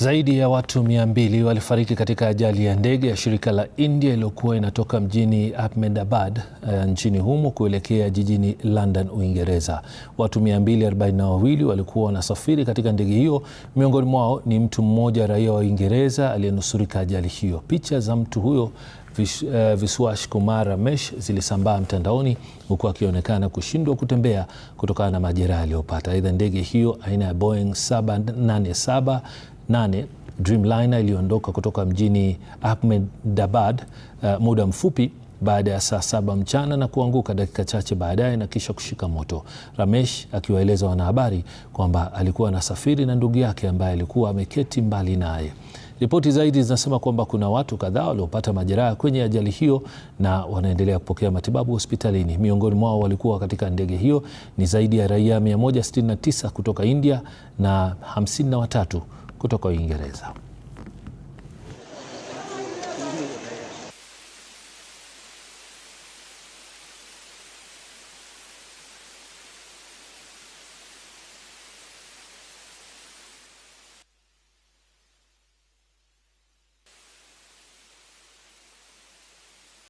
Zaidi ya watu mbili walifariki katika ajali ya ndege ya shirika la India iliyokuwa inatoka mjini Ahmedabad uh, nchini humo kuelekea jijini London, Uingereza. Watu 242 walikuwa wanasafiri katika ndege hiyo, miongoni mwao ni mtu mmoja raia wa Uingereza aliyenusurika ajali hiyo. Picha za mtu huyo vis, uh, Viswash Kumar Ramesh zilisambaa mtandaoni huku akionekana kushindwa kutembea kutokana na majeraha aliyopata. Aidha, ndege hiyo aina ya Boeing 787 nane Dreamliner iliondoka kutoka mjini Ahmedabad uh, muda mfupi baada ya saa saba mchana na kuanguka dakika chache baadaye na kisha kushika moto. Ramesh akiwaeleza wanahabari kwamba alikuwa anasafiri na ndugu yake ambaye alikuwa ameketi mbali naye. Ripoti zaidi zinasema kwamba kuna watu kadhaa waliopata majeraha kwenye ajali hiyo na wanaendelea kupokea matibabu hospitalini. Miongoni mwao walikuwa katika ndege hiyo ni zaidi ya raia 169 kutoka India na 53 kutoka Uingereza.